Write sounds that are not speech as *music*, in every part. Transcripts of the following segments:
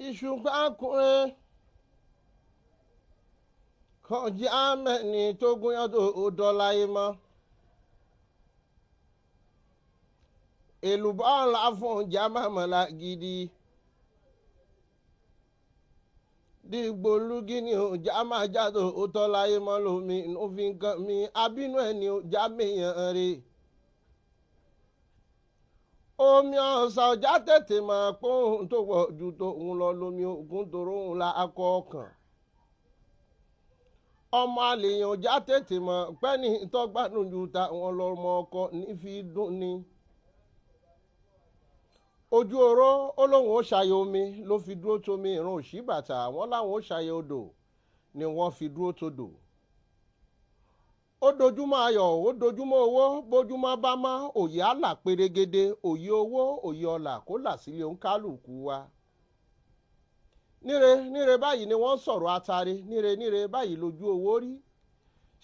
Ishu kwa kooee. Kudzalem ni Togun yado ụtọla ya eme. Eluboanwo la fún Oja ma me la gidi. Dibolugi ni Oja ma dị adọ ụtọla ọhụrụ la ọhụrụ omi n'ofe nkà mi abinu eni Oja mee ya nri. omi ọ̀sà ọjà tètè máa pọ́n tó wọ̀ ju tòun lọ lómi ògùn tòrò òun la akọ ọkàn ọmọ àlèyàn ọjà tètè mọ̀ pẹ́ni tọ́gbàdùn ju ta wọn lọ́mọ ọkọ nífi dùn ni ojú oró ó lóun ó ṣàyẹ omi ló fi dúró tomi ìran òṣì bàtà wọn láwọn ó ṣàyẹ odò ni wọ́n fi dúró tó todò. ó dojúmọ́ ayọ̀ ó dojúmọ́ owó bójúmọ́ bá mọ́ òye àlà perégedé òye owó òye ọlà kó là sílé òǹkálùkù wa. níre níre báyìí ni wọ́n ń sọ̀rọ̀ atare níre níre báyìí lójú owó rí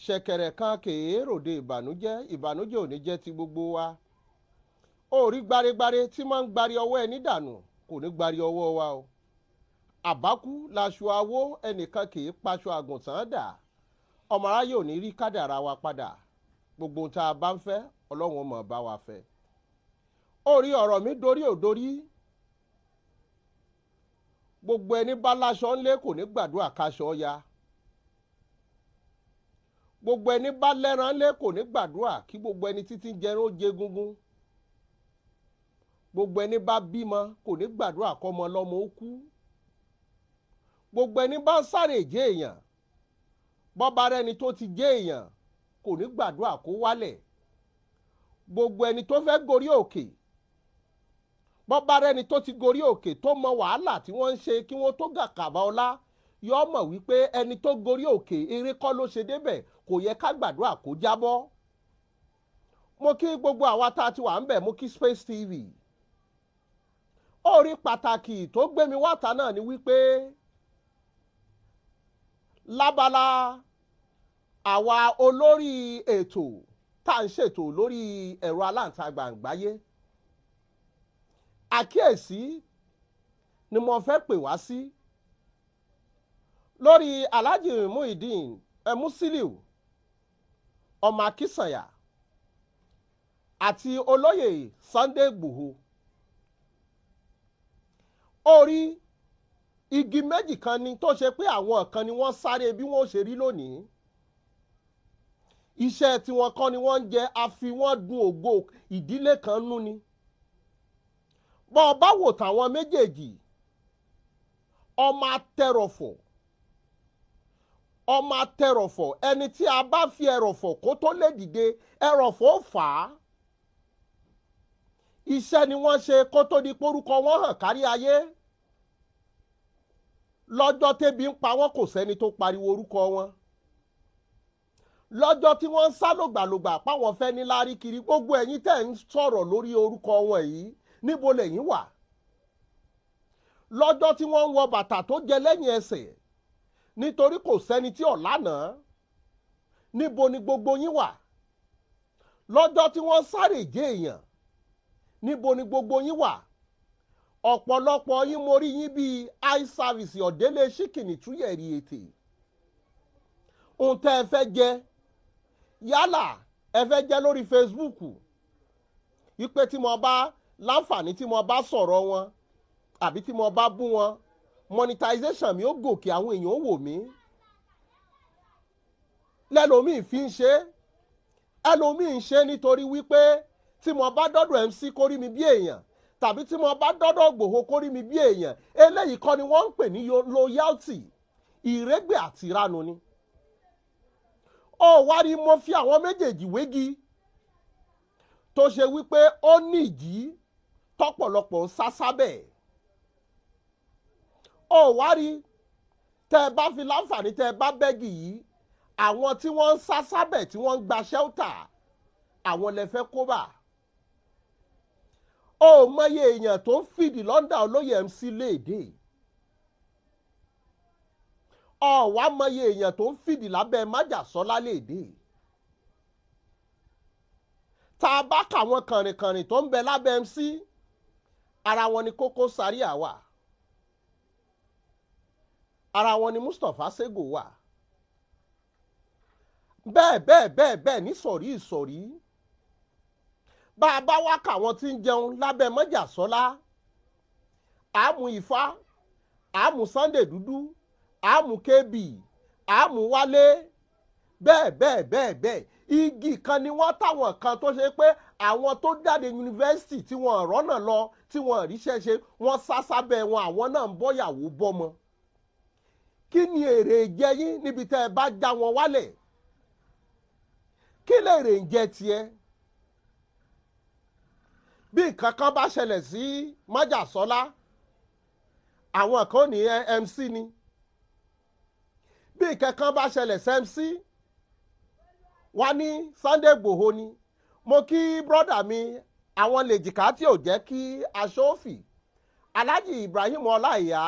ṣẹ̀kẹ̀rẹ̀ kan kèé ròde ìbànújẹ́ ìbànújẹ́ ò ní ti gbogbo wa. orí gbáregbáre tí máa ń gbari ọwọ́ ẹni dànù kò ní gbari ọwọ́ wa o. àbákú laṣọ awó ẹnìkan kèé paṣọ àgùntàn dà ọmọ aráyé ò ní rí kádàrá wa padà gbogbo tá a bá ń fẹ́ ọlọ́run ó mọ̀ bá wa fẹ́ orí ọ̀rọ̀ mi dorí ò dorí gbogbo ẹni bá láṣọ ńlé kò ní gbàdúrà káṣọ ya gbogbo ẹni bá lẹ́ran ńlé kò ní gbàdúrà kí gbogbo ẹni títí jẹun ó jẹ gungun gbogbo ẹni bá bímọ kò ní gbàdúrà kọ́mọ lọ́mọ ó kú gbogbo ẹni bá ń sáré èjé èèyàn bọ́ba ẹni tó ti jẹ́ èèyàn kò ní gbàdúrà kó wálẹ̀ gbogbo ẹni tó fẹ́ gorí òkè bọ́ba ẹni tó ti gorí òkè tó mọ wàhálà tí wọ́n ń ṣe kí wọ́n tó gàkàbà ọlá yọ mọ̀ wípé ẹni tó gorí òkè eré kọ́ ló ṣe débẹ̀ kò yẹ ká gbàdúrà kó jábọ́ mo kí gbogbo àwa tá a ti wà ń bẹ̀ mo kí Space TV orí pàtàkì tó gbé mi wáta náà ni wípé lábala àwa olórí ètò tá à ń ṣètò lórí ẹ̀rọ aláǹtagbà àgbáyé àkíyèsí ni mo fẹ́ pè wá sí lórí Alhaji Muideen ẹ Musiliu ọmọ Akísànyà àti olóyè Sunday Igboho orí igi méjì kan ni tó ṣe pé àwọn kan ni wọ́n sáré bí wọ́n ṣe rí lónìí iṣẹ́ tiwọn kọ́ ni wọ́n ń jẹ àfi wọ́n dun ògo ìdílé kan nú ni bọ́ ọ bá wò táwọn méjèèjì ọmọ atẹrọ̀fọ̀ ọmọ atẹrọ̀fọ̀ ẹni tí a bá fi ẹrọ̀fọ̀ kó tó lè dìde ẹrọ̀fọ̀ fà á iṣẹ́ ni wọ́n ṣe kó tó di porúkọ wọn hàn kárí ayé lọ́jọ́ tẹ́bi ń pa wọ́n kò sẹ́ni tó pariwo orúkọ wọn lọ́jọ́ tí wọ́n ń sá lògbàlògbà páwọn fẹ́ ní lárí kiri gbogbo ẹ̀yin tẹ́ ń sọ̀rọ̀ lórí orúkọ wọn yìí níbo lẹ́yìn wà lọ́jọ́ tí wọ́n ń wọ bàtà tó jẹ lẹ́yìn ẹsẹ̀ nítorí kò sẹ́ni tí ọ̀la náà níbo ni gbogbo yín wà lọ́jọ́ tí wọ́n sáré jẹ èèyàn níbo ni gbogbo yín wà ọ̀pọ̀lọpọ̀ yín mo rí yín bíi eye service ọ̀dẹ́lẹ̀ ṣíkìnì túyẹ̀rì ètè ohun tẹ́ ẹ fẹ́ jẹ́ yálà ẹ fẹ́ jẹ́ lórí Facebook wípé tí mo bá láǹfààní tí mo bá sọ̀rọ̀ wọn àbí tí mo bá bú wọn monetization mi ó gòkè àwọn èèyàn ó wò mí lẹ́lòmíì fi ń ṣe ẹlòmíì ń ṣe nítorí wípé tí mo bá dọ́dọ̀ MC kórí mi bí èèyàn tàbí tí mo bá dọ́dọ̀ gbòho kórí mi bí èèyàn eléyìí kọ́ ni wọ́n ń pè ní loyalty ìrégbè àti ni ọ̀wárí mo fi àwọn méjèèjì wégi tó ṣe wípé ó ní ìdí tọ́pọ̀lọpọ̀ ń sá sábẹ̀ ọ̀wárí tẹ́ ẹ bá fi láǹfààní tẹ́ ẹ bá bẹ́gì yìí àwọn tí wọ́n ń sá sábẹ̀ tí wọ́n ń gba shelter àwọn lè fẹ́ kó bà ó mọye èèyàn tó ń fìdí lọ́ndà olóyè MC léèdè ọ̀wá mọye èèyàn tó ń fìdí lábẹ́ májàsọ́lá léde tá a bá kà wọn kànrìnkànrìn tó ń bẹ lábẹ́ MC ara wọn ni Koko Zaria wà ara wọn ni Mustapha Sego wà bẹ́ẹ̀ bẹ́ẹ̀ bẹ́ẹ̀ bẹ́ẹ̀ ní sọ̀rí ìsọ̀rí bá a bá wá kà wọn tí ń jẹun lábẹ́ májàsọ́lá àmú Ifá àmú Sunday dúdú àmú kb àmú wálé bẹ́ẹ̀ bẹ́ẹ̀ bẹ́ẹ̀ bẹ́ẹ̀ igi kan ni wọ́n táwọn kan tó ṣe pé àwọn tó jáde yunifásitì tí wọ́n rọ́nà lọ tí wọ́n ríṣẹ́ ṣe wọ́n sá sábẹ́ wọn àwọn náà ń bọ́yàwó bọ́mọ. kí ni èrè jẹ yín níbi tẹ́ ẹ bá já wọn wálẹ̀ kí lè rè ń jẹ tiẹ̀ bí nǹkan kan bá ṣẹlẹ̀ sí májàsọ́lá àwọn kan ní mc ni tí ìkẹ́kàn bá ṣẹlẹ̀ sẹ́mc wá ní Sunday Igboho ni mo kí brọ́dà mi àwọn lèjìká tí ò jẹ́ kí aṣọ́ọ̀fì Alhaji Ibrahim Ọláìyá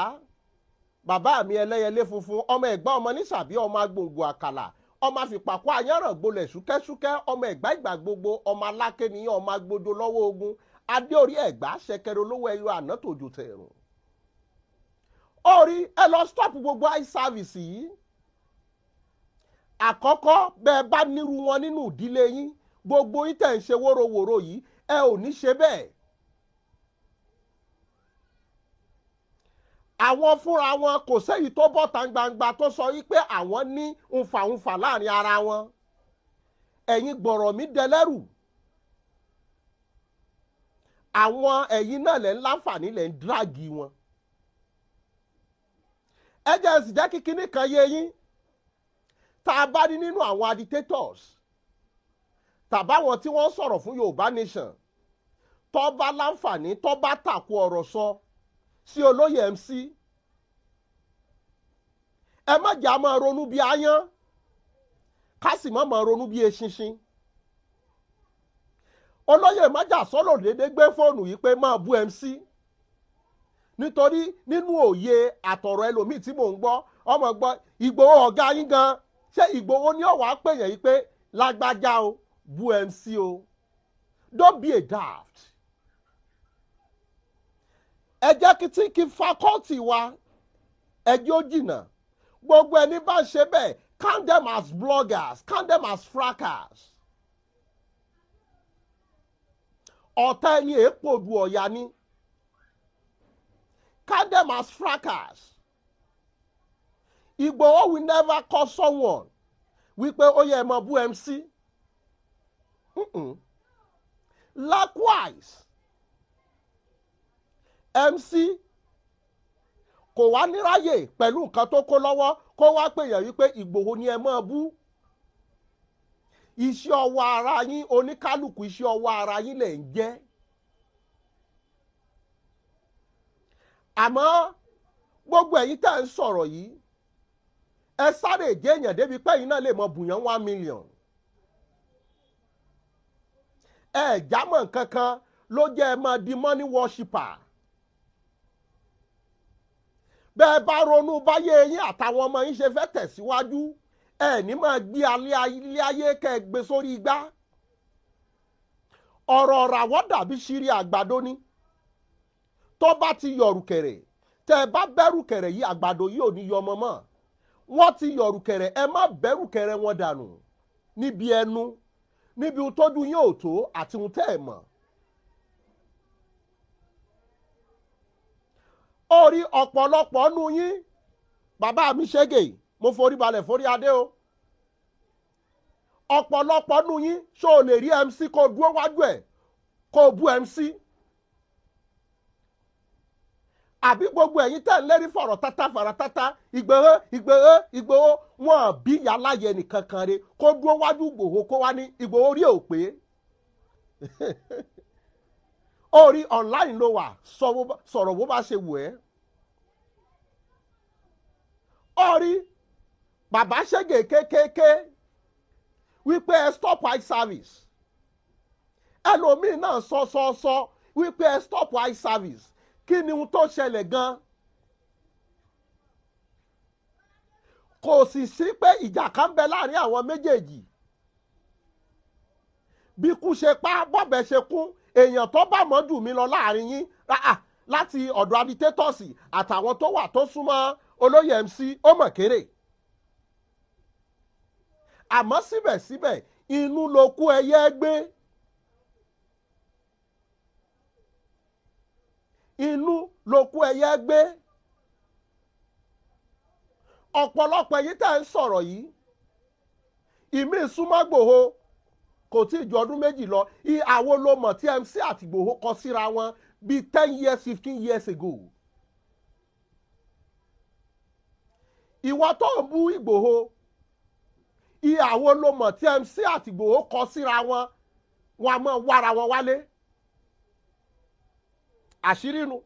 bàbá mi ẹlẹ́yẹlé funfun ọmọ ẹ̀gbá ọmọ nísàbí ọmọ agbòǹgbò àkàlà ọmọ àfìpàkọ́ àyànràn gbolẹ̀ ṣúkẹ́ṣúkẹ́ ọmọ ẹ̀gbá ìgbà gbogbo ọmọ alákéniyàn ọmọ agbódo lọ́wọ́ ogun adéorí ẹ̀gbá ṣẹkẹrẹ olówó ẹyọ àná tòjò tẹ̀rùn. orí ẹ lọ stop gbogbo eye service yìí àkọ́kọ́ bẹ́ẹ̀ bá nírú wọn nínú ìdílé yín gbogbo yín tẹ̀ ń ṣe wóróworó yìí ẹ ò ní ṣe bẹ́ẹ̀. àwọn fúnra wọn kò sẹ́yìí tó bọ́ ta gbangba tó sọ wípé àwọn ní nfànfà láàrin ara wọn ẹ̀yin gbọ̀rọ̀ mi dẹlẹ́rù àwọn ẹ̀yin náà lẹ́ ń láǹfààní lẹ́ ń dírágì wọn. ẹ jẹ́ ẹ sì jẹ́ kí kan yé yín tá a bá rí nínú àwọn agitators tàbáwọn tí wọ́n sọ̀rọ̀ fún Yorùbá nation tó bá láǹfààní tó tàkú ọ̀rọ̀ sọ sí olóyè MC ẹ má jà máa ronú bí ayán ká sì má máa ronú bí eṣinṣin olóyè májà sọ́lò dédé gbé fóònù yìí pé máa bú MC nítorí nínú òye àtọ̀rọ̀ ẹlòmíì tí mò ń gbọ́ ọmọ gbọ́ Ìgbòho ọ̀gá yín gan-an ṣé Ìgbòho ní ọ̀wá pè yẹn yìí pé lágbájá o bu MC o don't be a daft. ẹ jẹ́ kí tí kí fakọ́ọ̀tì wa ẹjẹ́ ó jìnnà gbogbo ẹni bá ń ṣe bẹ́ẹ̀ count them as bloggers count them as frackers. ọ̀tá ẹni èèpo du ọ̀yà ni count them as frackers. Igboho will never call someone wípé ó yẹ mọ bú MC. Mm-mm. Likewise MC kò wá níráyè pẹ̀lú nǹkan tó kó lọ́wọ́ kó wá pèèyàn wípé Ìgbòho ni ẹ máa bú iṣẹ́ ọwọ́ ara yín oníkálukú iṣẹ́ ọwọ́ ara yín lẹ̀ ń jẹ́ àmọ́ gbogbo ẹ̀yin tá à ń sọ̀rọ̀ yìí ẹ sáré èjé èèyàn débi pé náà lè mọ bùyàn one ẹ jámọ̀ kankan ló jẹ́ ẹ máa di money worshipper bẹ́ẹ̀ bá ronú báyé yín àtàwọn ọmọ yín ṣe fẹ́ tẹ̀síwájú ẹ ní máa gbé alẹ́ ayé sórí igbá ti yọ̀rù kẹ̀rẹ̀ tẹ́ ẹ bá kẹ̀rẹ̀ àgbàdo wọ́n ti yọ̀rùkẹ̀rẹ̀ ẹ má bẹ́rùkẹ̀rẹ̀ wọn dànù níbi ẹnu níbi ohun tójú yín ò tó àti ohun tẹ́ ẹ̀ mọ̀. orí ọ̀pọ̀lọpọ̀ nu yín bàbá mi ṣégè mo forí balẹ̀ forí adé o ọ̀pọ̀lọpọ̀ nu yín ṣó o lè rí MC kó o dúró wájú ẹ̀ kó o bú MC àbí gbogbo ẹ̀yin tẹ̀ ń lérí fọ̀rọ̀ tata fara tata Ìgbòho Ìgbòho Ìgbòho wọn bí yàláyẹ nìkan kan re kó dúró wájú Ìgbòho kó wá ní Ìgbòho rí ò pé *laughs* orí online ló wà sọ̀rọ̀ bó bá ṣe wù ẹ́ orí bàbá ṣègè kékèké wípé ẹ stop eye service ẹlòmíì náà sọ sọ sọ wípé ẹ stop eye service kí ni ohun tó ṣẹlẹ̀ gan kò sì sí pé ìjà kan bẹ láàrin àwọn méjèèjì bí kú ṣe pa bọ́bẹ̀ ṣe kú èèyàn tó bá mọ́ jù mí lọ láàrin yín láti ọ̀dọ̀ abitétọ́ọ̀sì àtàwọn tó wà tó súnmọ́ olóyè MC ó mọ̀ kéré àmọ́ síbẹ̀síbẹ̀ inú ló kú ẹyẹ gbé. E inú lókú ẹyẹ gbé ọ̀pọ̀lọpọ̀ èyí tá ń sọ̀rọ̀ yìí ìmí súnmọ́ Ìgbòho kò tí ì ju ọdún méjì lọ àwọn ló mọ̀ tí MC àti kọ síra wọn bíi ten years fifteen years ago. ìwọ tó ń bú Ìgbòho àwọn ló mọ̀ tí MC àti Ìgbòho kọ síra wọn wọn a máa wára wọn wálé àṣírí nu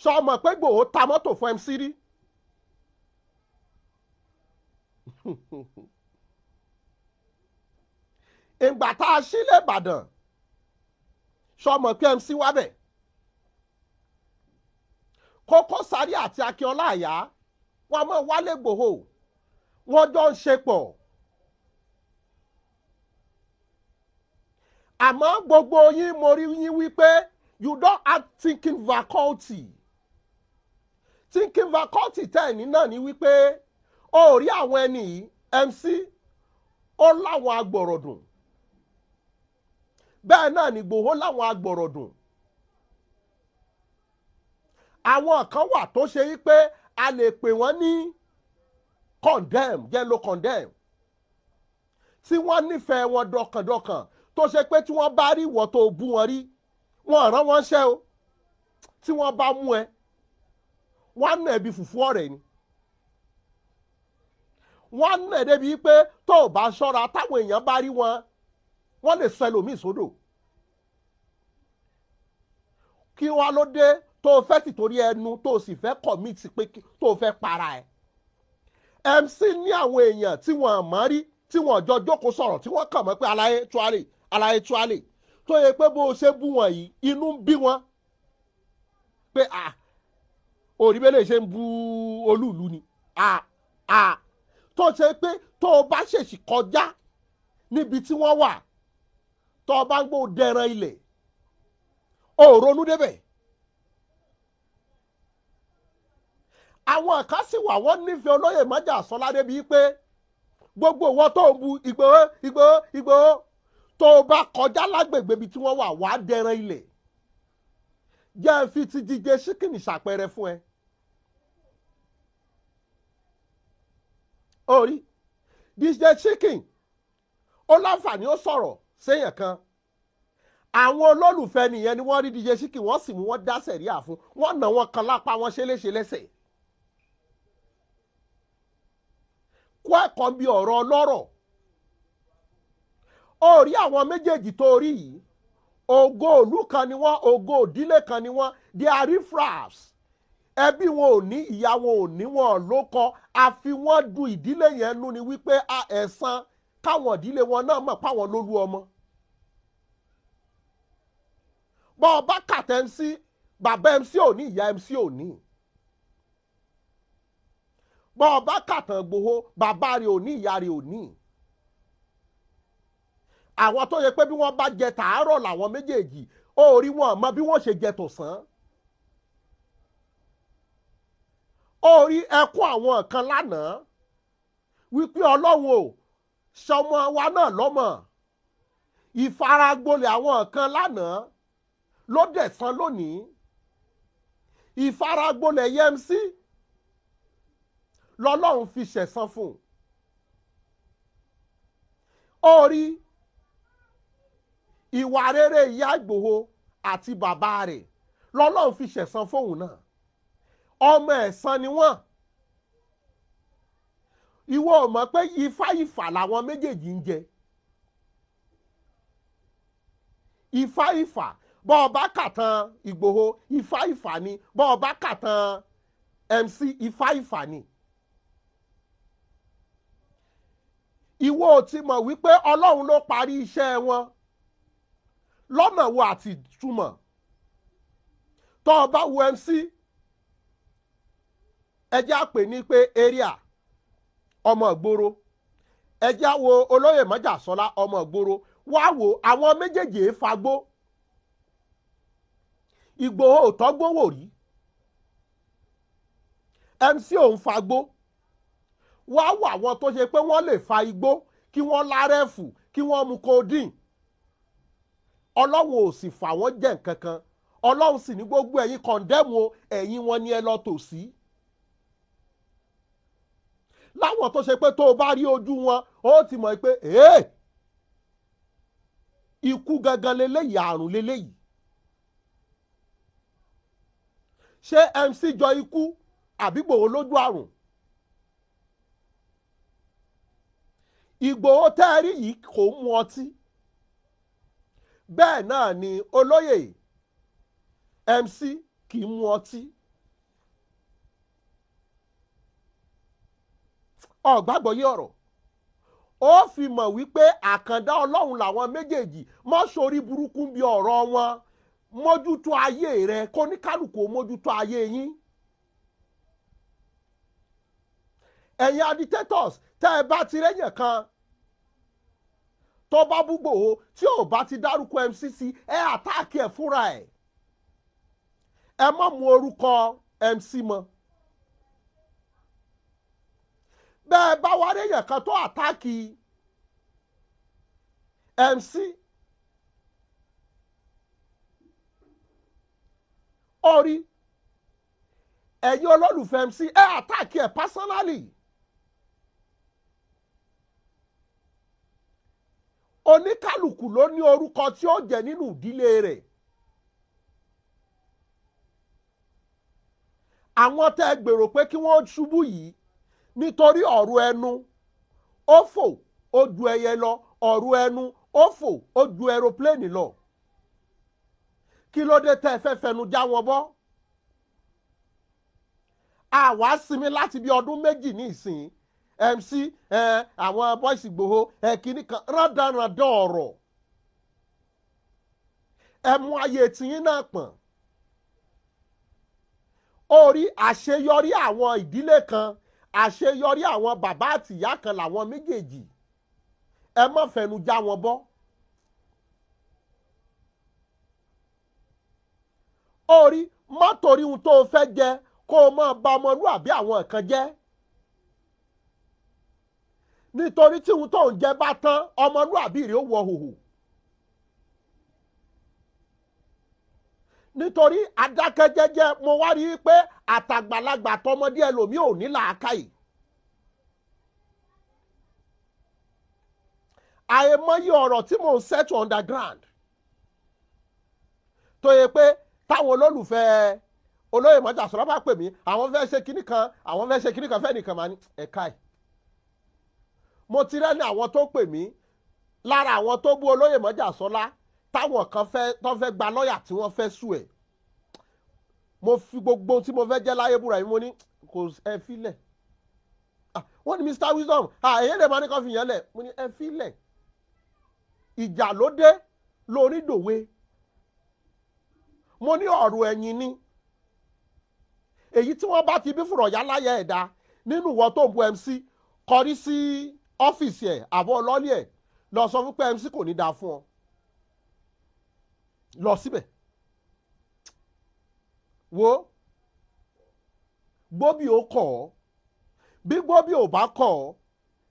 sọ ọmọ pé Ìgbòho ta mọ́tò fún MC rí ìgbà tá a sílẹ̀ Ìbàdàn sọ ọmọ pé MC wábẹ̀ Kókó Sàárì àti Akínọlá Àyà wọn mọ̀ wálé Ìgbòho wọn jọ ń ṣe pọ̀. àmọ́ gbogbo yín mo rí yín wípé you don add thinking faculty thinking faculty tẹ́ẹ̀ni náà ni wípé o ò rí àwọn ẹni MC ó láwọn agbọ̀rọ̀dùn bẹ́ẹ̀ náà ni Ìgbòho láwọn agbọ̀rọ̀dùn àwọn kan wà tó ṣe yí pé a lè pè wọ́n ní condemn yellow condemn tí wọ́n nífẹ̀ẹ́ wọn dọkàndọkàn tó ṣe pé tí wọ́n bá rí ìwọ tó bú wọn rí wọn rán wọn ṣẹ́ o tí wọ́n bá mú ẹ wọ́n á nà ẹ̀bi fùfú ọ̀rẹ́ ni wọ́n á nà ẹ̀ pé tó o bá ṣọ́ra táwọn èèyàn bá rí wọn wọ́n lè sọ ẹlòmíì sódò kí wọ́n ló dé tó o fẹ́ tìtorí ẹnu tó o sì fẹ́ kọ̀míìtì pé tó o fẹ́ para ẹ̀ MC ní àwọn èèyàn tí wọ́n mọ̀ rí tí wọ́n jọ jókòó sọ̀rọ̀ tí wọ́n kàn mọ́ pé aláyé tuwálè aláyé tuwálè tó yẹ pé bó o ṣe bú wọn yìí inú ń bí wọn pé à òrí bẹ́ẹ̀ lè ṣe ń bu olúùlú ni à à tó ṣe pé tó o bá ṣèṣì kọjá níbi tí wọ́n wà tó o bá ń gbọ́ dẹran ilẹ̀ o ò ronú débẹ̀. àwọn kan sì wà wọ́n nífẹ̀ẹ́ olóyè májà sọlá débi pé gbogbo wọn tó ń bu Ìgbòho Ìgbòho Ìgbòho tó o bá kọjá lágbègbè ibi tí wọ́n wà wàá dẹran ilẹ̀ jẹ́ fi ti jíjẹ ṣíkìnì ṣàpẹẹrẹ fún ẹ. orí jíjẹ ṣíkìn ó láǹfààní ó sọ̀rọ̀ séèyàn kan àwọn olólùfẹ́ nìyẹn ni wọ́n rí díje ṣíkì wọ́n sì mú wọ́n dá sẹ̀ríà fún wọ́n nà wọ́n kan lápá wọ́n ṣe lẹ́sẹ̀. kó ẹ̀kọ́ bí ọ̀rọ̀ ọlọ́rọ̀ ó rí àwọn méjèèjì tó rí yìí ògo òlú kan ni wọ́n ògo òdílé kan ni wọ́n they are riffraffs ẹbí wọn ò ní ìyá wọn ò ní wọn ló kọ àfi wọ́n du ìdílé yẹn nú ni wípé ẹ̀san káwọn ìdílé wọn náà mọ̀ páwọn ló lú ọmọ. bọ́ ọ bá kàtẹ́ ń sí bàbá MC ò ní ìyá MC ò ní bọ́ ọ bá kàtàn gbòho bàbá rẹ̀ ò ìyá rẹ̀ ò àwọn tó yẹ pé bí wọ́n bá jẹ tàárọ̀ làwọn méjèèjì ó rí wọn mọ bí wọ́n ṣe jẹ tọ̀sán. ó rí ẹkún àwọn kan lánàá wípé ọlọ́run ò sọmọ wa náà lọ́mọ ìfaragbolẹ̀ àwọn kan lánàá ló dẹ̀ san lónìí ìfaragbolẹ̀ yẹmsí lọ́lọ́run fi ṣẹ̀san fún un. ó rí ìwà rere ìyá Ìgbòho àti bàbá rẹ̀ lọ́lọ́run fi ṣẹ̀san fóun náà ọmọ ẹ̀san ni wọ́n ìwọ ò mọ̀ pé ifáìfà làwọn méjèèjì ń jẹ ifáìfà bọ́ ọba kàtàn Ìgbòho ifáìfà ni bọ́ ọba kàtàn MC ifáìfà ni. ìwọ ò ti mọ̀ wípé ọlọ́run ló parí iṣẹ́ wọn lọ́nà wo àti ìtumọ̀ tó o bá wo MC ẹjẹ́ àpè ní pé area ọmọ ìgboro ẹjẹ́ wo olóyè mọ́jàsọ́lá ọmọ ìgboro wá wo àwọn méjèèjì fagbó ìgbòho ò tọ́gbó wò rí MC òun fagbó wá wo àwọn tó ṣe pé wọ́n lè fa igbó kí wọ́n lárẹ́fù kí wọ́n mu codeine ọlọ́run ò sì fà wọ́n jẹ nǹkan kan ọlọ́run sì ní gbogbo ẹ̀yin kọ̀ǹdẹ́mù o ẹ̀yin wọn ni ẹ lọ tò sí. láwọn tó ṣe pé tó o bá rí ojú wọn ó ti mọ̀ pé ikú gangan leléyìí àrùn leléyìí. ṣé MC jọ ikú àbí Ìgbòho lójú àrùn. Ìgbòho tẹ́ ẹ rí yìí kò mú ọtí. bẹ́ẹ̀ náà ni olóyè MC kì í mu ọtí ọ̀gbàgbọ́yé ọ̀rọ̀ ó fi mọ̀ wípé àkàndá ọlọ́run làwọn méjèèjì mọ́ sórí burúkú bí ọ̀rọ̀ wọn mójútó ayé rẹ kó ní mójútó ayé yín. ẹ̀yin agitators tẹ́ ẹ bá kan tó bá bú Ìgbòho tí ò bá ti dárúkọ MCC ẹ àtáàkì ẹ fúnra ẹ ẹ má mú orúkọ MC mọ́ bẹ́ẹ̀ bá wá réèyàn kan tó àtáàkì MC orí ẹ̀yin olólùfẹ́ MC ẹ àtáàkì ẹ pásánálì. oníkálukú ló ní orúkọ tí ó jẹ́ nínú ìdílé rẹ̀ àwọn tẹ́ ẹ gbèrò pé kí wọ́n ṣubú yìí nítorí ọ̀rọ̀ ẹnu ó fò ó ju ẹyẹ lọ ọ̀rọ̀ ẹnu ó fò ó ju aeroplane lọ kí ló dé tẹ́ fẹ́ fẹnu já wọn bọ́ àwa sinmi láti bí ọdún méjì ní mc àwọn boys Ìgbòho kìíní kan rádaràdà ọ̀rọ̀ ẹ mú ayé tìyín náà pọ̀n orí àṣeyọrí àwọn ìdílé kan àṣeyọrí àwọn bàbá àtìyá kan làwọn méjèèjì ẹ má fẹnu já wọn bọ́. orí má torí ohun tó o fẹ́ jẹ kó o máa bà ọmọlúàbí àwọn kan jẹ́ nítorí tí òun tó ń jẹ bá tán ọmọlúàbí rẹ̀ ó wọ hòhò nítorí adákẹ́jẹ́jẹ́ mo wá rí i pé àtàgbàlagbà tọmọdé ẹlòmíì ò ní làákàyè. àìmọye ọ̀rọ̀ tí mò ń set underground tó yẹ pé táwọn olólùfẹ́ olóyè mọ́jà sọ́lá bá pè mí àwọn fẹ́ ṣe kinní kan àwọn fẹ́ ṣe kinní kan fẹ́ nìkan máa ní ẹ̀ka ẹ̀ mo ti rẹ́ ní àwọn tó pè mí lára àwọn tó bú olóyè mọ́jà sọ́lá táwọn kan fẹ́ tó fẹ́ gba lọ́ọ̀yà tí wọ́n fẹ́ sùn ẹ̀ mo fi gbogbo tí mo fẹ́ jẹ́ láyé búra yìí mo ní kò ẹ filẹ̀ ah, wọ́n ní Mr Wisdom ah, èyí lè máa ní kan fi yàn lẹ̀ mo ní ẹ filẹ̀ ìjà ló dé lórí dòwe mo ní ọ̀rọ̀ ẹ̀yìn ni èyí tí wọ́n bá ti bí fúrọ̀ yálà yẹ ẹ̀dá nínú ìwọ tó ń bu MC kọrí sí. Si ọ́fíìsì ẹ̀ àbọ̀ ọlọ́ọ̀lì ẹ̀ lọ sọ fún pé MC kò ní dáa fún ọ lọ síbẹ̀ wo gbóbi ò kọ̀ ọ́ bí gbóbi ò bá kọ̀ ọ́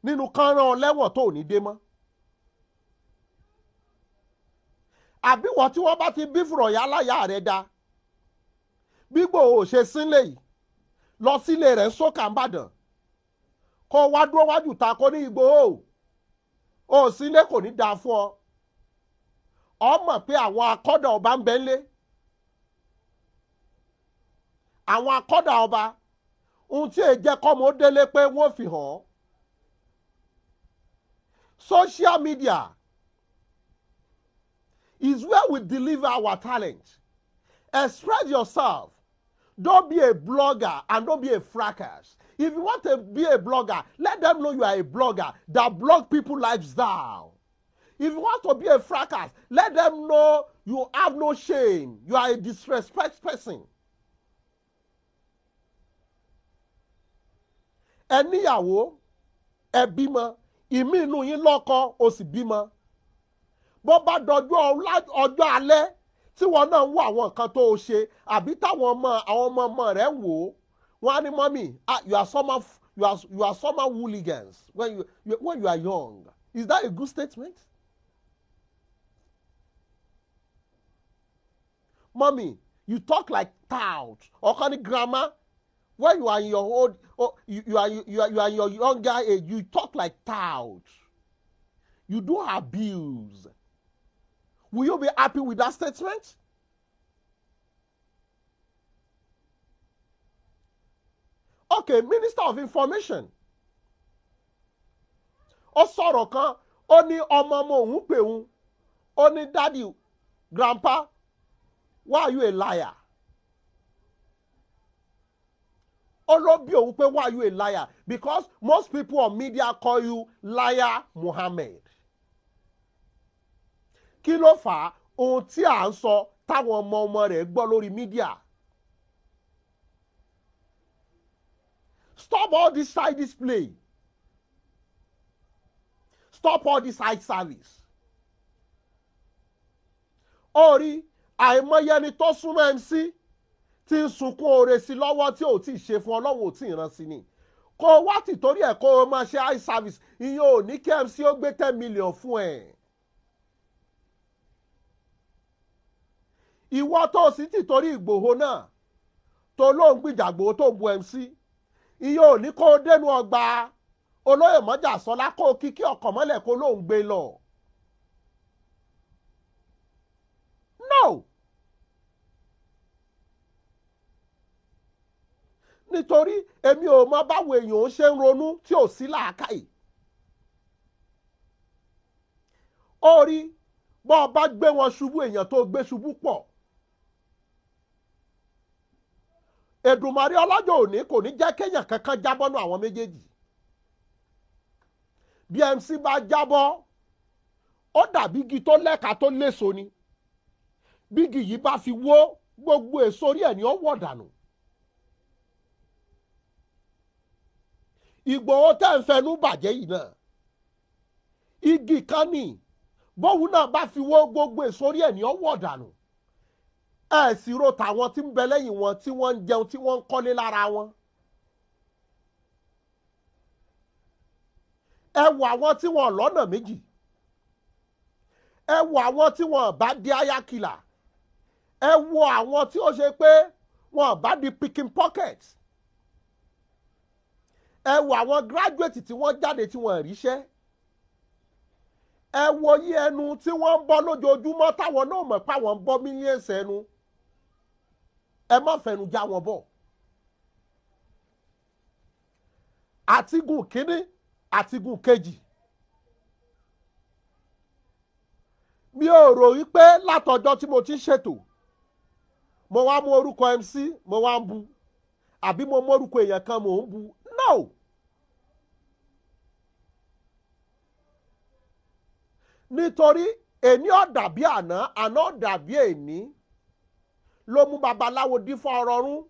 nínú kánrán lẹ́wọ̀n tó ò ní dé mọ́ àbí wọ́n tí wọ́n bá ti bí fúrọ̀yà aláya rẹ̀ da bí gbòò ṣe sílẹ̀ yìí lọ sílé rẹ̀ ń sọ́kà ń bàdàn kó wá dúró wájú ta kó ní Ìgbòho ò sí ilé kò ní dáa fún ọ ọ mọ̀ pé àwọn akọ́dà ọba ń bẹ ń lé àwọn akọ́dà ọba ohun tí èjẹ́ kọ́mọ délé pé wọ́n fi hàn social media is where we deliver our talent express yourself don't be a blogger and don't be a fracas If you want to be a blogger, let them know you are a blogger that blog people lives down. If you want to be a fracas, let them know you have no shame. You are a disrespect person. ẹ níyàwó ẹ bímọ ìmí inú yín lọ́kọ o sì bímọ bó bá dọjọ́ ọjọ́ alẹ́ tí wọn náà ń wo àwọn nǹkan tó o ṣe àbí táwọn ọmọ àwọn ọmọ ọmọ rẹ wò ó wọ́n á ah you are some of you are you are some of hooligans when you, you when you are young is that a good statement? mọ́mì you talk like tout ọkàn ní grammar? when you are in your old oh, you, you are you, you are you are in your younger age you talk like tout you do abuse will you be happy with that statement? okay minister of information ó sọ̀rọ̀ kan ó ní ọmọ ọmọ òun pè òun ó ní dádì grandpa why you a liar ó ló bí òun pé why you a liar because most people on media call you liar Muhammad kí ló fà á ohun tí à ń sọ táwọn ọmọ ọmọ rẹ̀ gbọ́ lórí mídíà. Stop all this side display. Stop all this side service. Orí àìmọye ẹni tó súnmọ́ MC ti ń sunkún oore sí lọ́wọ́ tí ò tí ì ṣe fún ọlọ́wọ́ tí ì ràn sí ni. Kó o wá tìtorí ẹ̀ kó o máa ṣe eye service ìyẹn ò ní kí MC ó gbé ten million fún ẹ̀. Ìwọ tó o sì tìtorí Ìgbòho náà tó ló ń tó bu MC iye òní kó dénú ọgbà olóyè mọ́jà sọlá kó kíkí ọkọ̀ mọ́lẹ̀ kó lóun gbé lọ. no nítorí èmi ò mọ báwo èèyàn ṣe ń ronú tí ò sí làákàyè. ó rí bọ́ ọ bá gbé wọn ṣubú èèyàn tó gbé ṣubú pọ̀ edumari ọlọ́jọ́ òní kò ní jẹ́ kéèyàn kankan jábọ́ nù àwọn méjèèjì bí MC bá jábọ́ ó dàbí igi tó lẹ́ka tó léso ni bí igi yìí bá fi wó gbogbo èso orí ẹ̀ ni ó wọ̀ dànù. Ìgbòho tẹ́ ń fẹnu bàjẹ́ yìí náà igi kan ni bóun náà bá fi wó gbogbo èso orí ẹ̀ ni ó wọ̀ dànù. ẹ sì rò tàwọn tí ń bẹ lẹ́yìn wọn tí wọ́n ń jẹun tí wọ́n ń kọ́lé lára wọn. ẹ wo àwọn tí wọn lọ́nà méjì ẹ wo àwọn tí wọn bá di ayakìlà ẹ wo àwọn tí ó ṣe pé wọn bá di picking pocket ẹ wo àwọn graduate tí wọ́n jáde tí wọ́n ríṣẹ́ ẹ wo yí ẹnu tí wọ́n ń bọ́ lójoojúmọ́ táwọn náà mọ̀ pé àwọn ń bọ́ mílíọ̀nsì ẹ má fẹnu já wọn bọ̀ àtigun kínní àtigun kejì mi ò rò wípé látọjọ́ tí mo ti ṣètò mo wá mú orúkọ MC mo wá ń bu àbí mo mórúkọ èèyàn kan mò ń bu no. nítorí èní ọ̀dàbí àná àná ọ̀dàbí èní. E ló mú babaláwo dífá ọ̀rọ̀ rún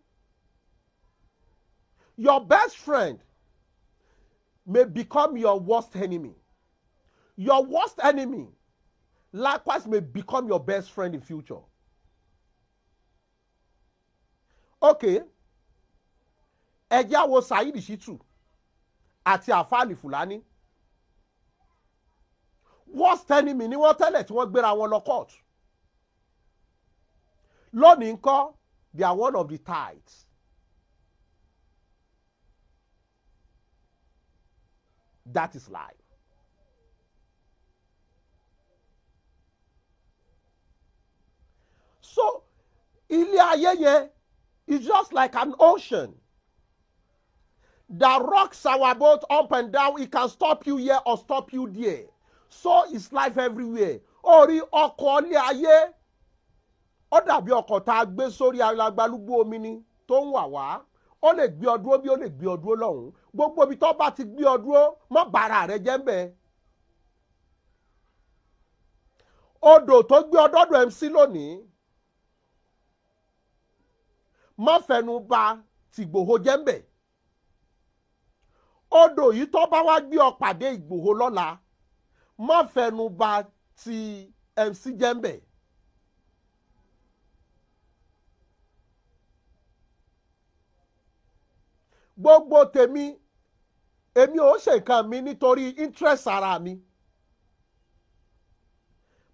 your best friend may become your worst enemy your worst enemy likewise may become your best friend in future okay ẹjẹ́ àwo Saheed Shittu àti àfáàlì Fúlàní worst enemy ni wọ́n tẹ́lẹ̀ tí wọ́n gbéra wọn lọ kóòtù lónìí ńkọ́ they are one of the tithes. that is life. so ilé ayé yẹn is just like an ocean that rocks our boat up and down it can stop you here or stop you there so is life everywhere orí ọkọ̀ ilé ayé ó dàbí ọkọ̀ tá a gbé sórí alágbálúgbú omi ni tó ń wà wá ó lè gbé ọ dúró bí ó lè gbé ọ dúró lọ́hùn gbogbo ibi tó bá ti gbé ọ dúró mọ́ bàrà rẹ jẹ́ ń odò tó gbé ọdọ́dọ̀ MC lónìí má fẹnu ba tìgbòho jẹ́ ń bẹ̀. odò yìí tó bá wá gbé ọ pàdé ìgbòho lọ́la má fẹnu ba ti MC jẹ́ ń gbogbo tèmi èmi ò ṣe nǹkan mi nítorí interest ara mi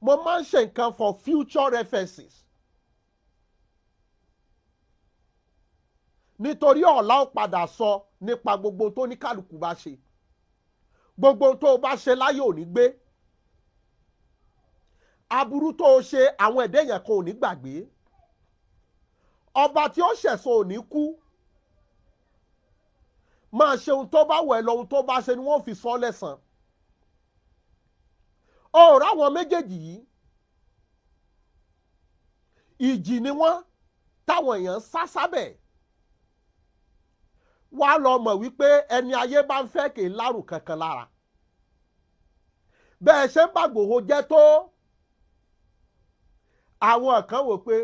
mo máa ń ṣe nǹkan for future references nítorí ọ̀la ó padà sọ nípa gbogbo tó ní kálukú bá ṣe gbogbo tó o bá ṣe láyé ò gbé aburú tó o ṣe àwọn ẹ̀dẹ́ kan ò gbàgbé ọba tí ó ṣẹ̀sọ́ ò ní kú máa ṣe ohun tó bá wẹ̀ lọ ohun tó bá ṣe ni wọ́n fi san lẹ́sàn. ọ̀rọ̀ àwọn méjèèjì yìí ìjì ni wọ́n táwọn èèyàn sá sábẹ̀ wá lọ mọ̀ wípé ẹni ayé bá ń fẹ́ kì í lárùn kankan lára bẹ́ẹ̀ ṣe ń bá Ìgbòho jẹ́ tó àwọn kan wò pé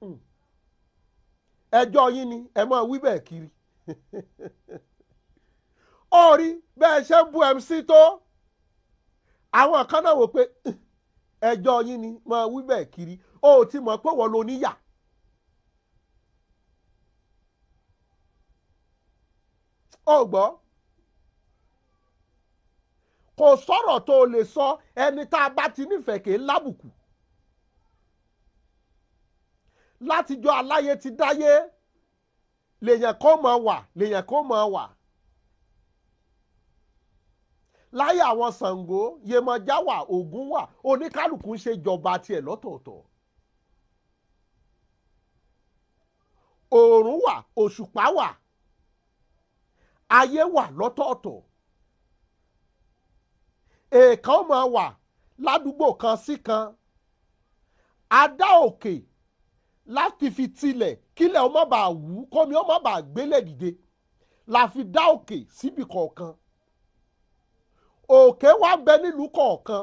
hmm, ẹjọ́ yín ni ẹ máa wí bẹ́ẹ̀ kiri *laughs* ó rí bẹ́ẹ̀ ṣe bu MC tó àwọn kan náà wò pé ẹjọ́ yín ni mo wí bẹ́ẹ̀ kiri ó ti mọ̀ pé wọ́n lo níyà. ó gbọ́ kò sọ̀rọ̀ tó o lè sọ ẹni tá a bá ti nífẹ̀ẹ́ kè é lábùkù látijọ́ aláyé ti dáyé lèèyàn kó mọ̀ wà lèèyàn kó mọ̀ wà láyé àwọn Ṣàngó Yemọja wà Ògún wà oníkálukú ń ṣe ìjọba tiẹ̀ lọ́tọ̀ọ̀tọ̀ òòrùn wà òṣùpá wà ayé wà lọ́tọ̀ọ̀tọ̀ èèkàn máa wà ládùúgbò kan sí kan adá òkè láti fi tilẹ̀ kílẹ̀ ó má bàa wú kómi ó gbélé dìde la fi dá òkè síbi kọ̀ọ̀kan òkè wá bẹ nílùú kọ̀ọ̀kan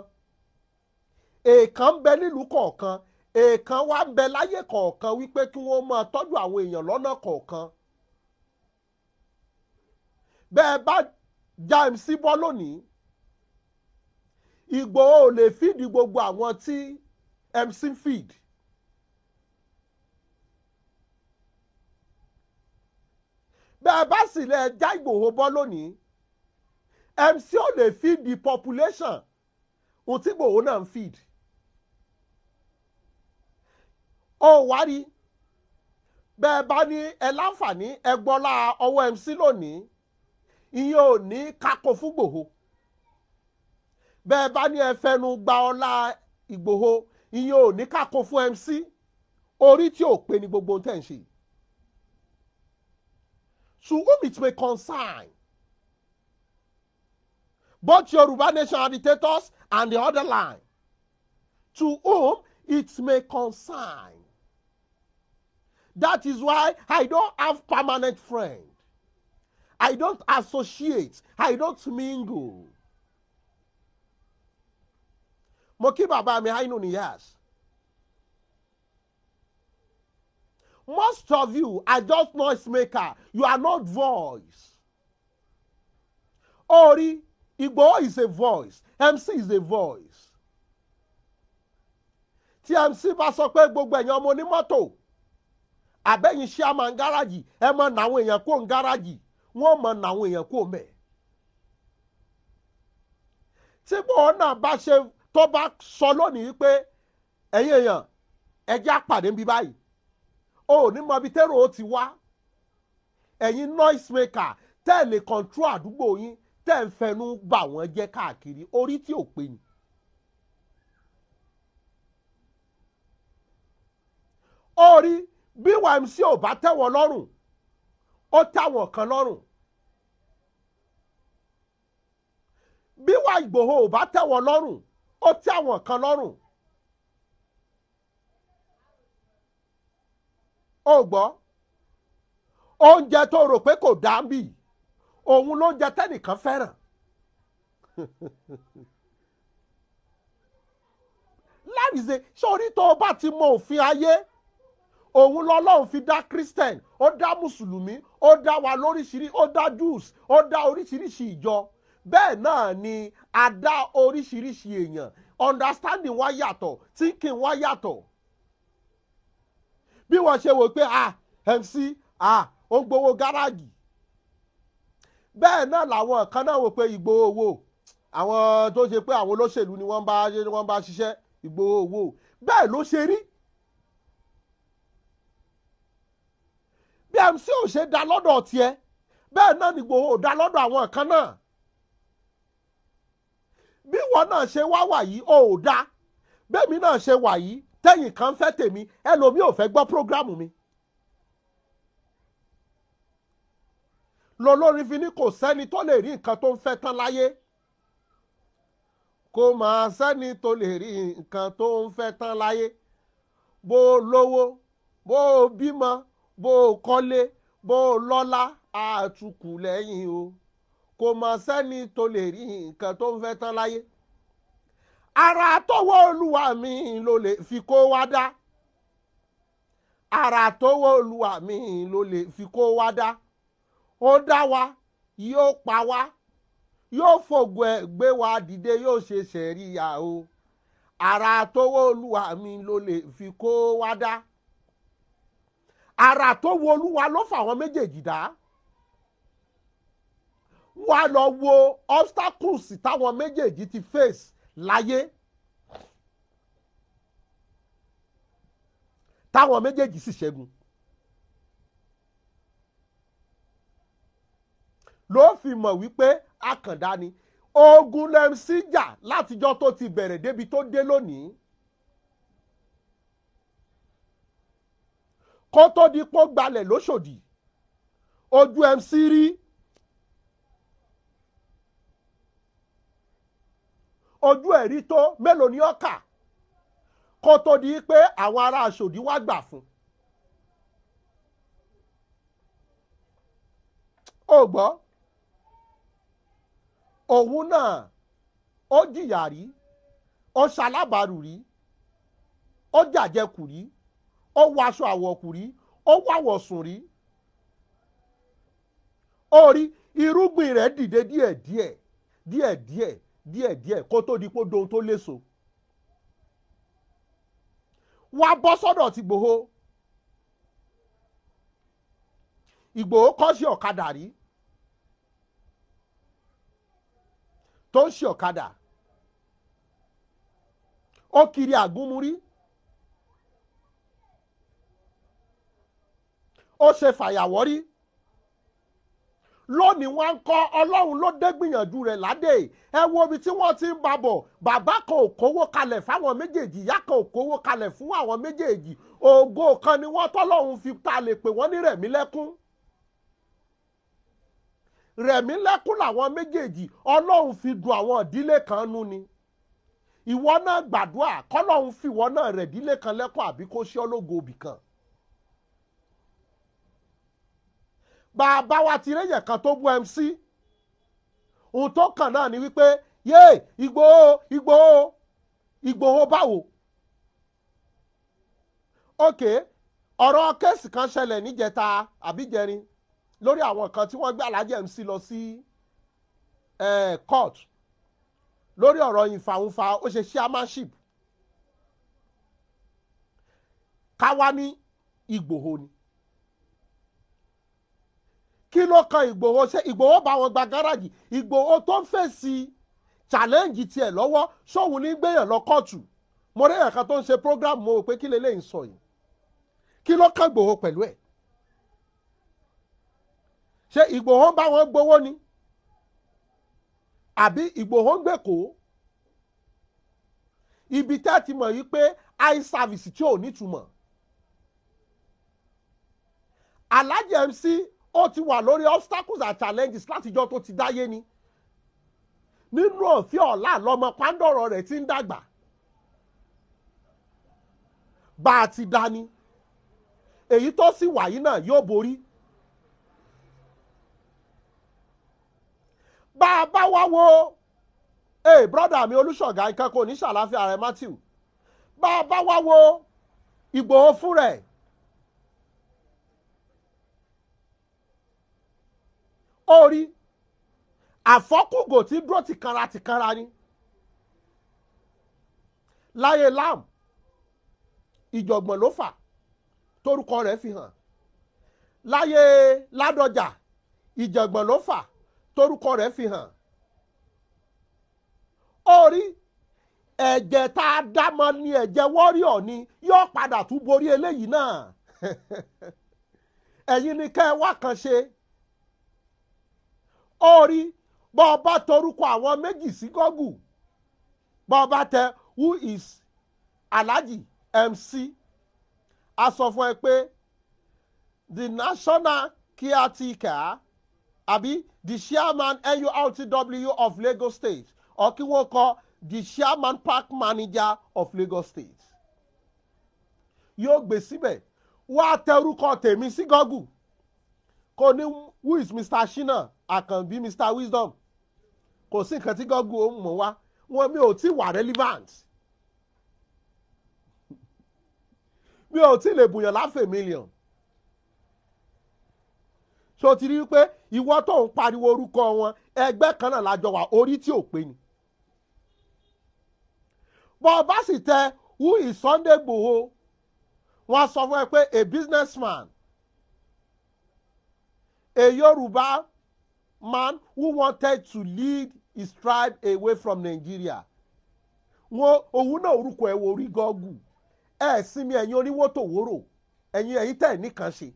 èèkàn bẹ nílùú kọ̀ọ̀kan èèkàn wá bẹ láyé kọ̀ọ̀kan wípé kí wọ́n máa tọ́jú àwọn èèyàn lọ́nà kọ̀ọ̀kan bẹ́ẹ̀ bá já MC bọ́ lónìí Ìgbòho ò lè fíìdì gbogbo àwọn tí MC fíìdì. bẹ́ẹ̀ bá sì lè já Ìgbòho bọ́ lónìí MC ò lè feed the population ohun tí gbòòwò feed ó wá rí bẹ́ẹ̀ bá ní ẹ láǹfààní ẹ gbọ́lá ọwọ́ MC lónìí ìyẹn ò ní kakọ fún gbòòwò bẹ́ẹ̀ bá ní ẹ fẹnu gba ọlá ìgbòho ìyẹn ò ní kakọ fún MC orí tí ò pé ní gbogbo ohun tẹ̀ ń ṣe to whom it may concern both Yoruba nation agitators and the other line, to whom it may concern. That is why I don't have permanent friend. I don't associate. I don't mingle. Mo kí bàbá mi ni yas. Most of you are just noise maker. You are not voice. Orí Igboho is a voice MC is a voice tí MC bá sọ pé gbogbo ẹ̀yin ọmọ onímọ́tò àbẹ́yìn ṣíàmà ń gáràjì ẹ mọ̀ nàwọn èèyàn kó ń gáràjì wọ́n mọ̀ nàwọn èèyàn kó mẹ́. tí Igboho náà bá ṣe tó bá sọ lónìí pé ẹ̀yin èèyàn ẹ jẹ́ pàdé níbí báyìí o ò ní mọ ibi tẹ́rọ ó ti wá ẹ̀yin noise maker tẹ́ẹ̀ lè control àdúgbò yín tẹ́ ń fẹnu bà wọ́n jẹ́ káàkiri orí tí ò pé ni. orí bí YMC ò bá tẹ́wọ̀n lọ́rùn ó táwọn kan lọ́rùn bí wà Ìgbòho ò bá tẹ́wọ̀n lọ́rùn ó táwọn kan lọ́rùn. ó gbọ́ oúnjẹ tó rò pé kò dáńbì òun ló jẹ tẹ́nìkan fẹ́ràn láìsè sórí tó o bá ti mọ òfin ayé òun lọ́lọ́run fi dá christian ó dá mùsùlùmí ó dá wa lóríṣiríṣi ó dá jews ó dá oríṣiríṣi ìjọ bẹ́ẹ̀ náà ni a dá oríṣiríṣi èèyàn understanding wa yàtọ̀ thinking wa yàtọ̀ bí wọ́n ṣe wò pé ah mc ah ó ń gbowó gáràjì bẹ́ẹ̀ náà làwọn kan náà wò pé Ìgbòho wò àwọn tó ṣe pé àwọn olóṣèlú ni wọ́n bá wọ́n bá ṣiṣẹ́ Ìgbòho wò bẹ́ẹ̀ ló ṣe rí bí MC ò ṣe dá lọ́dọ̀ tiẹ̀ bẹ́ẹ̀ náà ni Ìgbòho ò dá lọ́dọ̀ àwọn kan náà bí wọn náà ṣe wá wà yìí ò dá bẹ́ẹ̀ mi náà ṣe wà yìí tẹ́yìn kan fẹ́ tèmi ẹlòmíì ò fẹ́ gbọ́ prógrámù mi. lọlọ́rin fi ní kò sẹ́ni tó lè rí nǹkan tó ń fẹ́ tán láyé kò máa sẹ́ni tó lè rí nǹkan tó ń fẹ́ tán láyé bó o lówó bó o bímọ bó o kọ́lé bó o lọ́lá àtùkù lẹ́yìn o kò máa sẹ́ni tó lè rí nǹkan tó ń fẹ́ tán láyé ara tọwọ́ olúwa mi ló lè fi kó wá dá ara tọwọ́ olúwa mi ló lè fi kó wá dá ó dá wa yóò pa wá yóò fògo ẹ̀ gbé wa dìde yóò ṣe ya o ara tówó olúwa mi ló lè fi kó wa dá ara tó wo olúwa ló fà wọn méjèèjì dá wá lọ wo obstacles táwọn méjèèjì ti face láyé táwọn méjèèjì sì ṣẹ́gun ló fi mọ̀ wípé àkàndá ni ogun lẹ́mísí jà látijọ́ tó ti bẹ̀rẹ̀ débi tó dé lónìí. kó tó di pó gbalẹ̀ lóṣòdì ojú MC rí ojú ẹ̀ rí tó mélòó ni ó kó tó di pé àwọn ará aṣòdì wá gbà fún ó gbọ́. òun náà ó jìyà rí ó ṣalábàárù rí ó jàjẹkù rí ó wọ aṣọ rí ó wàwọ̀ rí ó rí irúgbìn rẹ̀ dìde díẹ̀díẹ̀ díẹ̀díẹ̀ díẹ̀díẹ̀ kó tó di pé dohun tó léso wá bọ́ sọ́dọ̀ ti gbòho ìgbòho kọ́ sí ọ̀kadà tó ń ṣe ọ̀kadà ó kiri àgúnmurí ó ṣe fàyàwọ́ rí lónìí wọn ń kọ ọlọ́run ló dé gbìyànjú rẹ̀ ládé ẹ wo omi tí wọ́n ti ń bá bọ̀ bàbá kan ò kówó kalẹ̀ fáwọn méjèèjì ìyá kan kalẹ kówó kalẹ̀ fún àwọn méjèèjì ògo kan ni wọ́n tọ́lọ́run fi ta lè pè wọ́n ní rẹ̀mí lẹ́kún. rẹ̀mí lẹ́kún làwọn méjèèjì ọlọ́run fi dùn àwọn ìdílé kan nú ni ìwọ náà gbàdúrà kọ́lọ́run fìwọ náà rẹ̀ ìdílé kan lẹ́kún àbí kó ṣe ológo òbí kan. bàbá wa ti réyàn kan tó bú MC ohun tó kàn náà ni wípé yéè Ìgbòho Ìgbòho Ìgbòho báwo. ok ọ̀rọ̀ kẹ́sì kan ṣẹlẹ̀ níjẹta àbíjẹrin lórí àwọn kan tí wọ́n gbé Alhaji MC lọ sí court lórí ọ̀rọ̀ ìfàǹfà ó ṣe chairmanship káwá ní Ìgbòho ni kí ló kan Ìgbòho ṣe Ìgbòho bá wọn gba gáràjì Ìgbòho tó ń fèsì challenge tiẹ̀ lọ́wọ́ sóhun ní gbéyàn lọ kóòtù mo rí ẹ̀ka tó ń ṣe program mo pé kí lélẹ́yìn sọ yìí kí ló kan Ìgbòho pẹ̀lú ẹ̀ ṣé Ìgbòho ń bá wọn gbowó ni àbí Ìgbòho ń gbèkó ibi tá a ti mọ̀ yí pé eye service tí ò nítumọ̀ Alhaji MC ó ti wà lórí obstacles and challenges látijọ́ tó ti dáyé ni nínú òfin ọ̀la lọmọ pàǹdọ̀rọ̀ rẹ̀ ti ń dàgbà bá a ti dání èyí tó sì wà náà yóò borí. bá a bá wá wo ee hey, brọ́dà mi olùṣọ̀gá nǹkan kò ní ṣàlàáfíà rẹ̀ matthew bá a bá wá wo ìgbòho fún rẹ̀ ó rí àfọ́kùgò tí dúró tìkanra tìkanra ni láyé lam ìjọ̀gbọ̀n ló fà torúkọ rẹ̀ fi hàn láyé ládọjà ìjọ̀gbọ̀n ló fà. torúkọ rẹ̀ fi hàn orí ẹ̀jẹ̀ tá a dámọ̀ ni ẹ̀jẹ̀ wọ́ríọ̀ ni yóò padà tún borí eléyìí náà *laughs* ẹ̀yin ni kẹ́ ẹ wá kan ṣe orí bọ́ ọ bá torúkọ àwọn méjì sí gọ́gù bọ́ ọ bá tẹ who is Alhaji MC a sọ fún ẹ pé the national caretaker àbí the chairman NURTW of Lagos State or kí wọ́n kọ the chairman park manager of Lagos State yóò gbé síbẹ̀ wá tẹrúkọ tèmi sí Google kò ní who is Mr. Shina Àkànbí Mr. Wisdom kò sí nǹkan tí Google ó mọ̀ wá wọn mi ò tí wà relevant mi ò tí lè bùyàn láfẹ̀ million so ti rí i pé ìwọ tó ń pariwo orúkọ wọn ẹgbẹ́ kan náà lájọ wà orí tí ò pé ni. bọ́ ọ bá sì tẹ who is Sunday Igboho wọ́n sọ fún ẹ pé a businessman a Yorùbá man who wanted to lead his tribe away from Nigeria wọn òun náà orúkọ ẹ wo orí gọ́ọ̀gù ẹ sinmi ẹ̀yin oníwó tòwórò ẹ̀yin ẹ̀yin tẹ̀ nìkan ṣe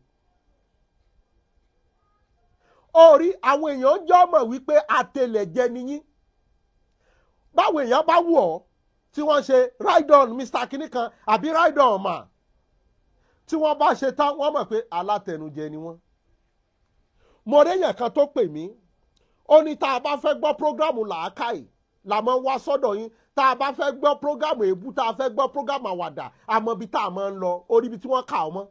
orí àwọn èèyàn jọ mọ̀ wípé àtẹlẹ̀jẹ nìyí báwo èèyàn bá wù ọ́ tí wọ́n ṣe ride on mr kinní kan àbí ride on ma tí wọ́n bá ṣe tán wọ́n mọ̀ pé alátẹnujẹ ni wọ́n mọ̀rẹ́yìn kan tó pè mí ó ní tá a bá fẹ́ gbọ́ prógrámù làákàyè làmọ́ wá sọ́dọ̀ yín tá a bá fẹ́ gbọ́ prógrámù èébú tá a fẹ́ gbọ́ prógrámù àwàdà àmọ́ ibi tá a máa ń lọ orí ibi tí wọ́n kà ọ́ mọ́.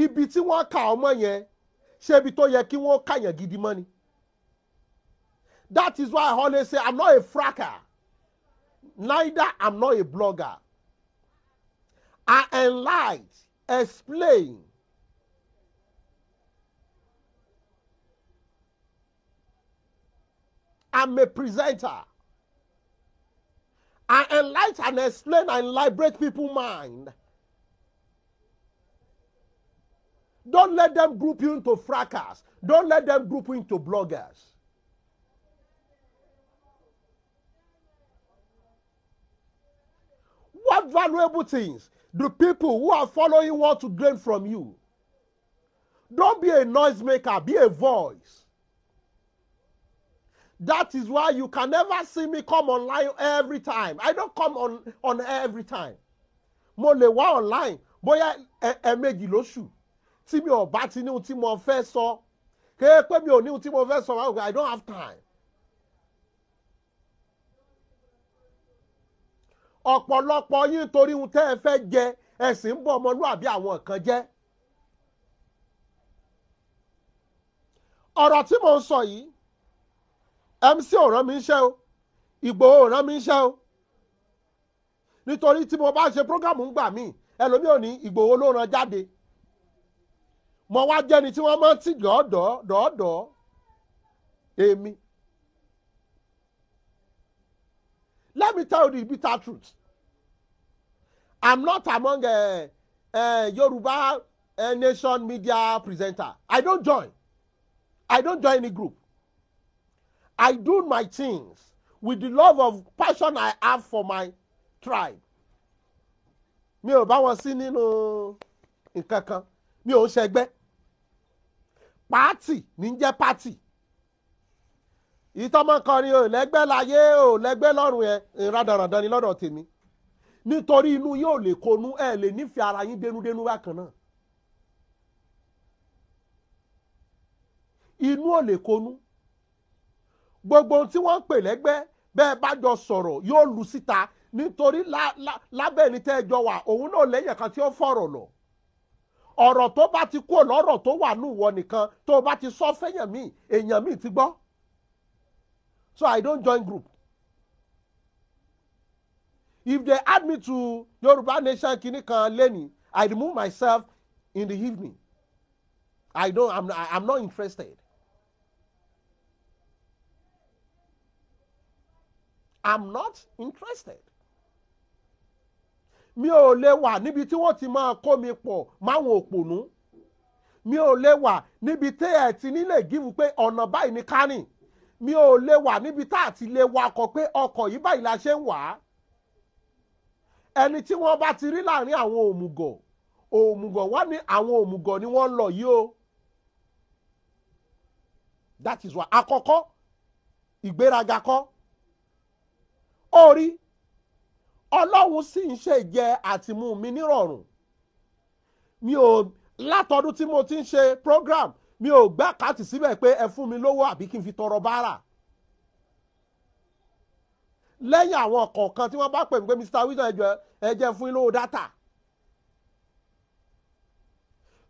ibi tí wọ́n kà ọmọ yẹn ṣé ibi tó yẹ kí wọ́n kà yẹn gidi mọ́ ni that is why I always say I'm not a fracker neither I'm not a blogger I enlight, explain I'm a presenter. I enlight and explain and liberate people mind. Don't let them group you into fracas. Don't let them group you into bloggers. What valuable things do people who are following want to gain from you? Don't be a noisemaker, be a voice. That is why you can never see me come online every time. I don't come on, on every time. Mo lè online boya ẹ̀ẹ̀mejì lóṣù. E, tí mi ò bá ti ní ohun tí mo fẹ́ sọ kéé mi ò ní ohun tí mo fẹ́ sọ I don't have time. ọ̀pọ̀lọpọ̀ yín torí ohun tẹ́ ẹ fẹ́ jẹ ẹ̀sìn ń bọ̀ ọmọlúàbí àwọn kan jẹ́. ọ̀rọ̀ tí mò ń sọ yìí MC ò rán mi iṣẹ́ o Ìgbòho ò rán mi iṣẹ́ o nítorí tí mo bá ṣe prógámù ń gbà mí ẹlòmíì ní Ìgbòho ló rán jáde mo wá jẹ́ni tí wọ́n máa ń tì dọ́ọ̀dọ́ dọ́ọ̀dọ́ èmi. Let me tell you the bitter truth I'm not among uh, uh, Yoruba uh, Nation media presenter I don't join I don't join any group I do my things with the love of passion I have for my tribe. Mi ò bá wọn sí nínú nǹkan kan, mi ò ń ṣẹgbẹ́ pàátì ní jẹ́ pàátì ìtọ́mọkọrin ò lẹ́gbẹ́ láyé ò lẹ́gbẹ́ lọ́rùn ẹ̀ ìradàràdàn ni lọ́dọ̀ tèmi nítorí inú yóò lè konú ẹ lè nífẹ̀ẹ́ ara yín dénúdénú bákan náà inú ò lè konú gbogbo ohun tí wọ́n ń pè lẹ́gbẹ́ bẹ́ẹ̀ bá jọ sọ̀rọ̀ yóò lu síta nítorí lábẹ́ ẹni tẹ́ ẹ jọ wà òun náà lẹ́yìn kan tí ó fọ̀rọ̀ lọ ọ̀rọ̀ tó bá ti kúrò lọ́rọ̀ tó wà lúwọ nìkan tó bá ti sọ fẹ́yàn míì èèyàn míì ti gbọ́ so I don't join group if they add me to Yoruba Nation kìíní kan lẹ́nìí I remove myself in the evening I don't I'm, I'm not interested I'm not interested mi ò lè wà níbi tí wọ́n ti máa kó mi pọ̀ máwọn òpònú mi ò lè wà níbi tí ẹ̀ ti nílẹ̀ gíwù pé ọ̀nà báyìí ni kánì mi ò lè wà níbi tá àti lè wakọ̀ pé ọkọ̀ yìí báyìí la ṣe ń wà á ẹni tí wọ́n bá ti rí láàrin àwọn òmùgọ̀ òmùgọ̀ wá ní àwọn òmùgọ̀ ni wọ́n ń lọ yìí o that is why àkọ́kọ́ ìgbéraga kọ́ orí ọlọ́run sì ń ṣe ìjẹ àtìmú mi nírọ̀rùn mi ò látọdún tí mo ti ń ṣe program mi ò gbà kàtì síbẹ̀ pé ẹ fún mi lówó àbí kí n fi tọrọ bárà lẹ́yìn àwọn kọ̀ọ̀kan tí wọ́n bá pè mí pé Mr. Wisdom ẹjọ́ ẹjẹ́ fún yín lówó data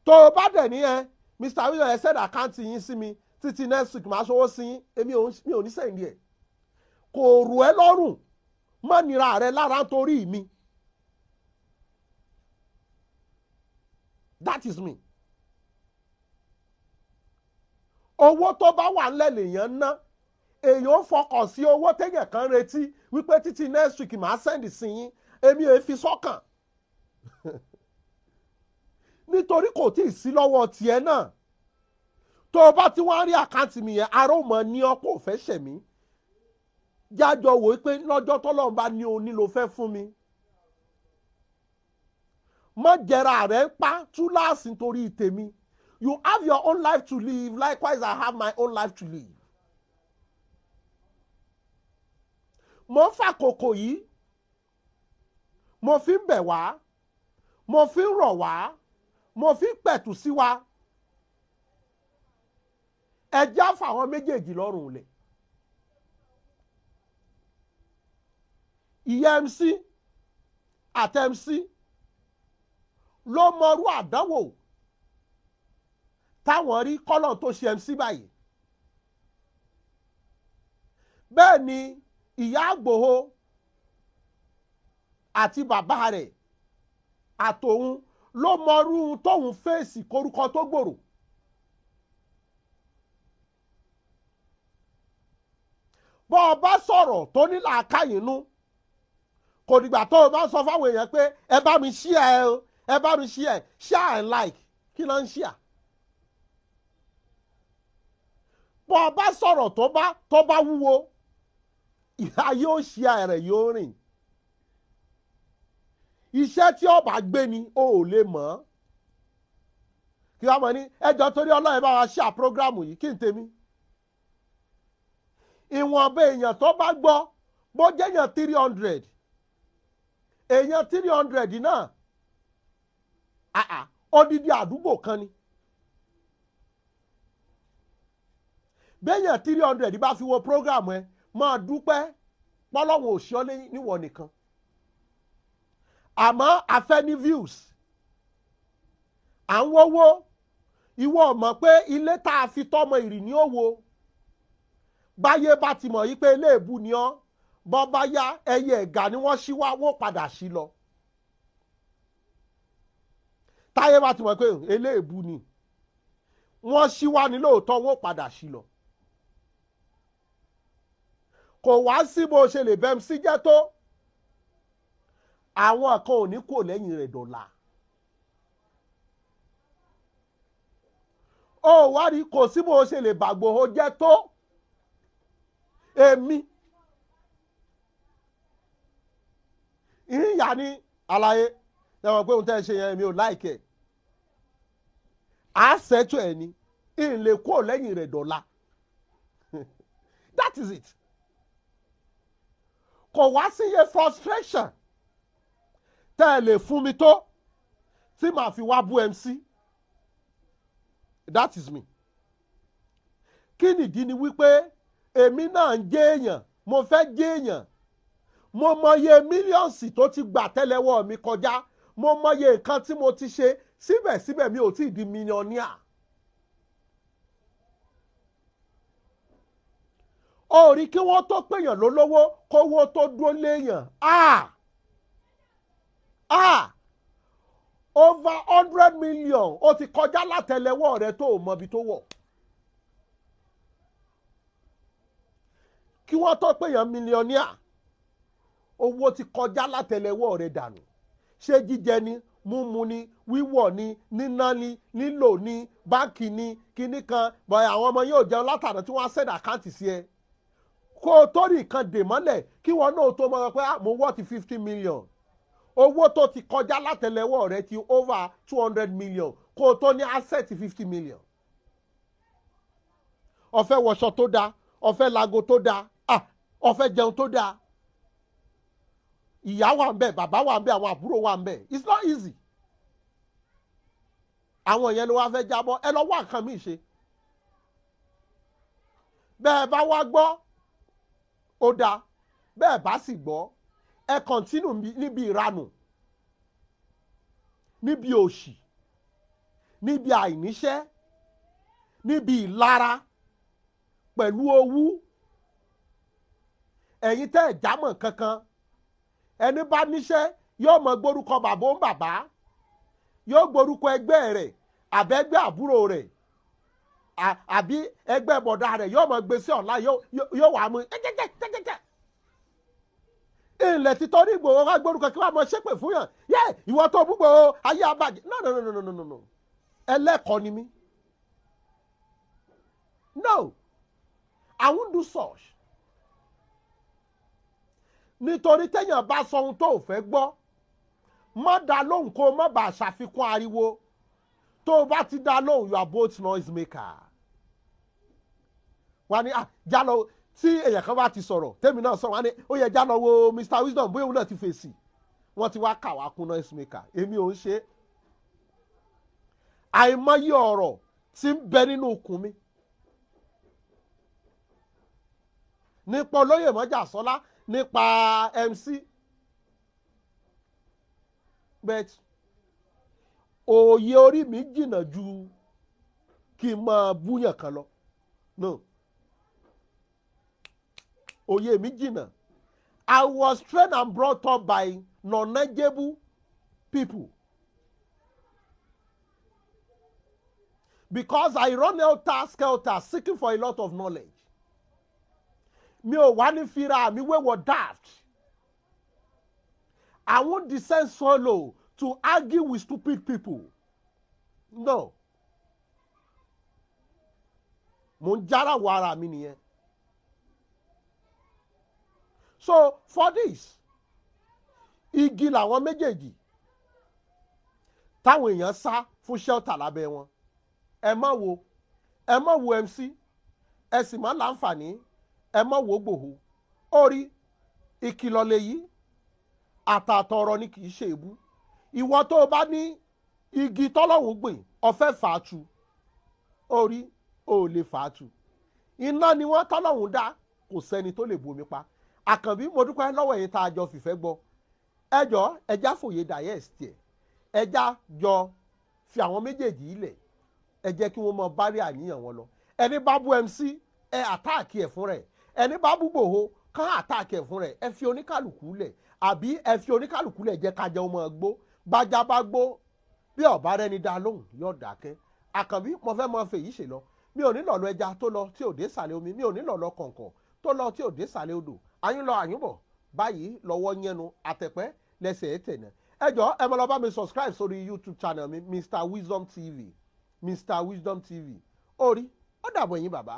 tó o bá dẹ̀ ní Mr. Wisdom ẹ sẹ́dà àkáǹtì yín sí mi títí next week màá ṣọwọ́ sí yín èmi ò ní sẹ́yìn díẹ̀ kò rù ẹ́ lọ́rùn má nira rẹ lára torí mi that is me owó tó bá wà ńlẹ̀ lèèyàn ná èèyàn fọkàn sí owó téèyàn kan retí wípé títí next week màá sẹ́ndì sí yín èmi èé fi sọ́kàn *laughs* nítorí kò tí ì sí lọ́wọ́ tiẹ̀ náà tó o bá ti wá rí àkáǹtì mi yẹn aró mọ́ ní ọ kò fẹ́ ṣẹ̀mí jájọ wò ó pé lọ́jọ́ tọ́lọ́run bá ní òní ló fẹ́ fún mi má jẹra rẹ̀ pa túláàsì nítorí tèmi you have your own life to live likewise I have my own life to live. mo ń fàkókò yìí mo fi ń bẹ̀ wá mo fi ń rọ̀ wá mo fi ń pẹ̀tù sí wa ẹjẹ́ àfàwọn méjèèjì lọ́rùn lẹ̀. ìyá mc àtẹ mc ló mọrú àdánwò táwọn rí kọ́lọ̀ tó ṣe mc báyìí bẹ́ẹ̀ ni ìyá àgbòho àti bàbá rẹ̀ àtòun ló mọrú tóun fèsì korúkọ tó gbòòrò. bọ́ ọ bá sọ̀rọ̀ tó ní làákàyè nú. No kò dìgbà tó o bá sọ fáwọn èèyàn pé ẹ bá mi share o ẹ bá mi share share and like kí ló ń share. bọ́ ọ bá sọ̀rọ̀ tó bá tó bá wúwo ìhà yóò share rẹ̀ yóò rìn. iṣẹ́ tí ọba gbé ni o ò lè mọ̀ ọ́. kí wàá mọ̀ ní ẹjọ́ torí ọlọ́run bá wa share program yìí kí n tèmi. ìwọ̀nba èèyàn tó bá gbọ́ bó jẹ́ three hundred èèyàn three hundred náà odidi àdúgbò kan ni béèyàn three hundred bá fi wo program ẹ máa dúpẹ́ pọ́lọ́wọ́n òṣìọ́ níwọ̀n nìkan àmọ́ afẹ́ ní views à ń wọ́wọ́ ìwọ mọ̀ pé ilé tá a fi tọ́mọ ìrì ní wo. báyé bá ti mọ̀ yí pé ilé èbú ni ọ́ bọ́ bá yá ẹyẹ ẹ̀gà ni wọ́n ṣí wá wó padà sí lọ. táyé bá ti mọ̀ pé eléèbú ni wọ́n ṣí wá ní lóòótọ́ wó padà sí lọ. kò wá sí bó ṣe lè bẹ́m sí jẹ́ tó àwọn kan ò ní kò lẹ́yìn rẹ̀ dọ̀la. ó wá rí kò sí bó ṣe lè bàgbò ó jẹ́ tó èmi. E ìyá ní àlàyé ẹ̀wọ̀n pé òun tẹ́ ẹ ṣe yẹn mi ò láìkẹ́ à á ni ìlè kó lẹ́yìn rẹ̀ dọ̀la *laughs* that is it kò wá sí iye frustration tẹ́ ẹ lè fún mi tó tí màá fi wá bú MC that is me kí nìdí ni wípé èmi náà ń jẹ́ èèyàn mo fẹ́ jẹ́ èèyàn mo mọye mílíọ̀nsì tó ti gbà tẹ́lẹ̀wọ́ mi kọjá mo mọye nǹkan tí mo ti ṣe síbẹ̀síbẹ̀ mi ò tí ì di mílíọ̀nìà. orí kí wọ́n tó péyàn lólówó kówó tó dúró léèyàn ah ah over hundred million ó ti kọjá látẹ́lẹ̀wọ́ rẹ tó o mọbi tó wọ̀. kí wọ́n tó péyàn mílíọ̀nìà owó ti kọjá látẹlẹwọ́ rẹ dànù ṣé jíjẹ ni múmu ni wíwọ̀ ni níná ni lílò ni báǹkì ni kinní kan bọ̀yà àwọn ọmọ yóò jẹun látàrí tí wọ́n á sẹ́dà àkáǹtì sí ẹ kó o tó rí nǹkan dè mọ́lẹ̀ kí wọn náà tó mọ̀ pé ah, mo wọ́ ti fifty million owó tó ti kọjá látẹlẹwọ́ rẹ ti over two hundred million kó o tó ní asset fifty million ó fẹ́ wọṣọ tó dáa ó lago tó dáa ó ah, jẹun tó dáa ìyá wà ń bẹ bàbá wà ń bẹ àwọn àbúrò wà ń bẹ it's not easy àwọn yẹn ló wá fẹ́ jábọ́ ẹ lọ wá nǹkan míì ṣe bẹ́ẹ̀ bá wá gbọ́ ó dáa bẹ́ẹ̀ bá sì gbọ́ ẹ kọ̀ntínù níbi ìranù níbi òṣì níbi àìníṣẹ́ níbi ìlara pẹ̀lú owú ẹ̀yin tẹ́ ẹ̀ jámọ̀ kankan ẹni bá níṣẹ́ yóò mọ gbórúkọ bàbá òun bàbá yóò gbórúkọ ẹgbẹ́ rẹ̀ àbẹ́gbẹ́ àbúrò rẹ̀ àbí ẹgbẹ́ bọ̀dá rẹ̀ yóò mọ gbé ọ̀la yóò wà mú jẹ́jẹ́jẹ́jẹ́jẹ́ ilẹ̀ ti torí Ìgbòho wá gbórúkọ kí wọ́n mọ ṣépè fún yàn yẹ ìwọ no no no no no no ni mí no I do such. nítorí téèyàn bá sọ ohun tó ò fẹ́ gbọ́ má dá lóhùn kó má bàa ṣàfikún ariwo tó o bá ti dá lóhùn you are noise maker. wọ́n á ní ah, jálọ tí èèyàn kan bá ti sọ̀rọ̀ tèmi náà sọ̀rọ̀ wọ́n á ní ó yẹ jálọ wo Mr Wisdom bóyá òun náà ti fèsì wọ́n ti wá kà wá kún noise maker èmi ò ń ṣe é àìmọye ọ̀rọ̀ tí ń bẹ nínú ikùn mi. nípa olóyè mọ́jà sọ́lá nípa MC but òye orí mi jìnnà ju kí n máa búyàn kan lọ no òye mi jìnnà I was trained and brought up by knowledgeable people. Because I run helter-skelter seeking for a lot of knowledge mi ò wá ní fira mi wéwọ daft I won't descend so low to argue with stupid people no mo ń jára wọ ara mi nìyẹn so for this igi làwọn méjèèjì táwọn èèyàn sá fún shelter lábẹ́ wọn ẹ má wo ẹ má wo MC ẹ sì má láǹfààní ẹ mọ̀ wò gbòho ó rí ìkìlọ̀ lèyí àtàtọ̀ ọ̀rọ̀ ni kì í ṣe èébú ìwọ tó o bá ní igi tọ́lọ́hún gbìn ọ̀fẹ́ fàátù ó rí ó lè fàátù iná ni wọ́n tọ́lọ́hún dá kò sẹ́ni tó lè bomi pa àkànbí mo dúpẹ́ lọ́wọ́ yìí tá a jọ fìfẹ́ gbọ́ ẹjọ́ ẹjá fòye dayes tiẹ̀ ẹjá jọ fi àwọn méjèèjì ilẹ̀ ẹ jẹ́ kí wọ́n mọ bárí àníyàn wọn lọ ẹni bá bú mc ẹ àtáàkì ẹ̀ fúnra ẹ̀ ẹni bá bú Ìgbòho kán àtàkì ẹ̀ fún rẹ̀ ẹ fi oníkàlùkù lẹ̀ àbí ẹ fi oníkàlùkù lẹ̀ jẹ́ kájà ọmọ gbó bájá bá gbó bí ọ̀bá rẹni dá lóhùn yóò dákẹ́ àkànbí mo fẹ́ mọ fèyí ṣe lọ mi ò ní lọ̀lọ́ ẹja tó lọ tí ò dé sàlẹ̀ omi mi ò ní lọ̀lọ́ kọ̀ǹkọ̀ tó lọ tí ò dé sàlẹ̀ odò àyún lọ àyún bọ̀ báyìí lọ́wọ́ yẹnu àtẹ̀pẹ́ lẹ́sẹ̀ tẹ̀nà ẹ jọ ẹ mọ lọ bá mi subscribe sórí YouTube channel mi Mr Wisdom TV Mr Wisdom TV orí ó dàbọ̀ yín bàbá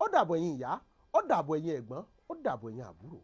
ó dàbọ̀ yín ìyá ó dàbọ̀ ẹ̀yin ẹ̀gbọ́n ó dàbọ̀ ẹ̀yin àbúrò.